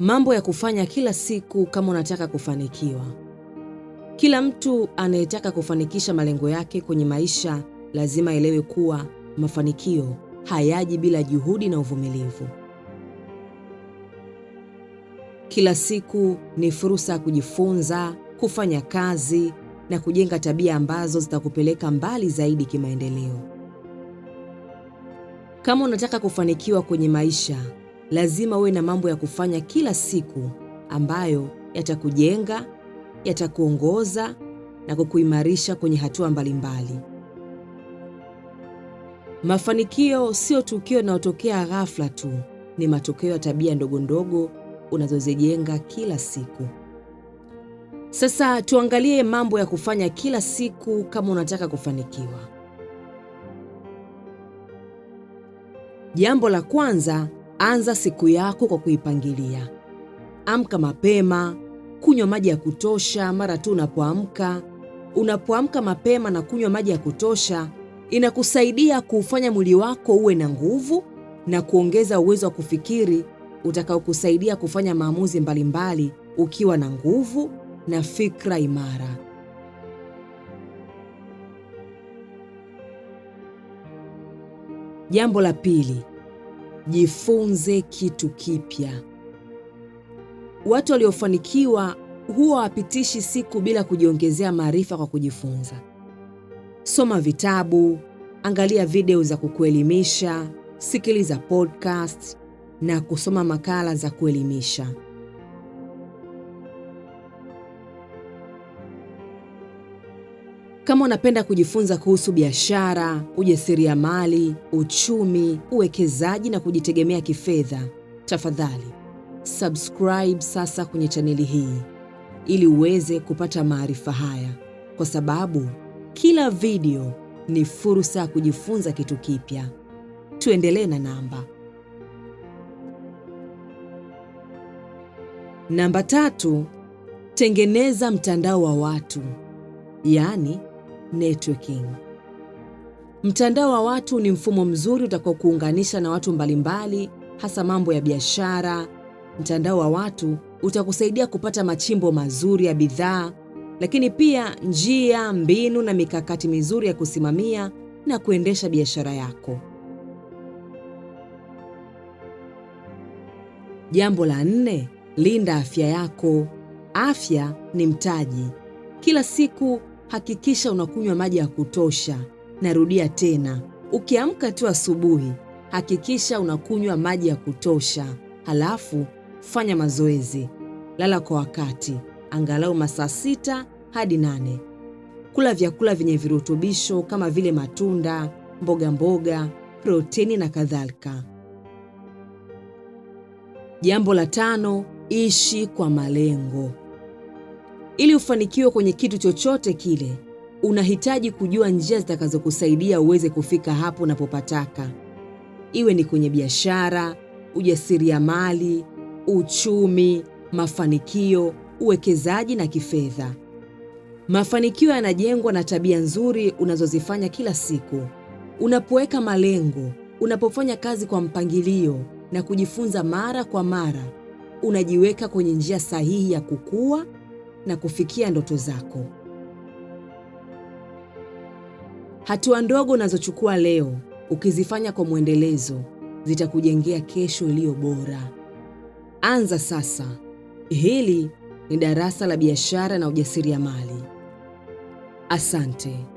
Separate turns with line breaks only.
Mambo ya kufanya kila siku kama unataka kufanikiwa. Kila mtu anayetaka kufanikisha malengo yake kwenye maisha lazima aelewe kuwa mafanikio hayaji bila juhudi na uvumilivu. Kila siku ni fursa ya kujifunza, kufanya kazi na kujenga tabia ambazo zitakupeleka mbali zaidi kimaendeleo. Kama unataka kufanikiwa kwenye maisha lazima uwe na mambo ya kufanya kila siku ambayo yatakujenga, yatakuongoza na kukuimarisha kwenye hatua mbalimbali. Mafanikio sio tukio linalotokea ghafla tu, ni matokeo ya tabia ndogo ndogo unazozijenga kila siku. Sasa tuangalie mambo ya kufanya kila siku kama unataka kufanikiwa. Jambo la kwanza Anza siku yako kwa kuipangilia. Amka mapema, kunywa maji ya kutosha mara tu unapoamka. Unapoamka mapema na kunywa maji ya kutosha, inakusaidia kuufanya mwili wako uwe na nguvu na kuongeza uwezo wa kufikiri utakaokusaidia kufanya maamuzi mbalimbali ukiwa na nguvu na fikra imara. Jambo la pili, jifunze kitu kipya. Watu waliofanikiwa huwa wapitishi siku bila kujiongezea maarifa kwa kujifunza. Soma vitabu, angalia video za kukuelimisha, sikiliza podcast na kusoma makala za kuelimisha. Kama unapenda kujifunza kuhusu biashara, ujasiriamali, uchumi, uwekezaji na kujitegemea kifedha, tafadhali subscribe sasa kwenye chaneli hii ili uweze kupata maarifa haya, kwa sababu kila video ni fursa ya kujifunza kitu kipya. Tuendelee na namba namba tatu, tengeneza mtandao wa watu, yaani networking. Mtandao wa watu ni mfumo mzuri utakaokuunganisha na watu mbalimbali, hasa mambo ya biashara. Mtandao wa watu utakusaidia kupata machimbo mazuri ya bidhaa, lakini pia njia, mbinu na mikakati mizuri ya kusimamia na kuendesha biashara yako. Jambo la nne, linda afya yako. Afya ni mtaji. Kila siku hakikisha unakunywa maji ya kutosha. Narudia tena, ukiamka tu asubuhi, hakikisha unakunywa maji ya kutosha. Halafu fanya mazoezi, lala kwa wakati, angalau masaa sita hadi nane. Kula vyakula vyenye virutubisho kama vile matunda, mboga mboga, proteini na kadhalika. Jambo la tano, ishi kwa malengo. Ili ufanikiwe kwenye kitu chochote kile, unahitaji kujua njia zitakazokusaidia uweze kufika hapo unapopataka, iwe ni kwenye biashara, ujasiriamali, uchumi, mafanikio, uwekezaji na kifedha. Mafanikio yanajengwa na tabia nzuri unazozifanya kila siku, unapoweka malengo, unapofanya kazi kwa mpangilio na kujifunza mara kwa mara, unajiweka kwenye njia sahihi ya kukua na kufikia ndoto zako. Hatua ndogo unazochukua leo ukizifanya kwa mwendelezo zitakujengea kesho iliyo bora. Anza sasa. Hili ni darasa la biashara na ujasiriamali. Asante.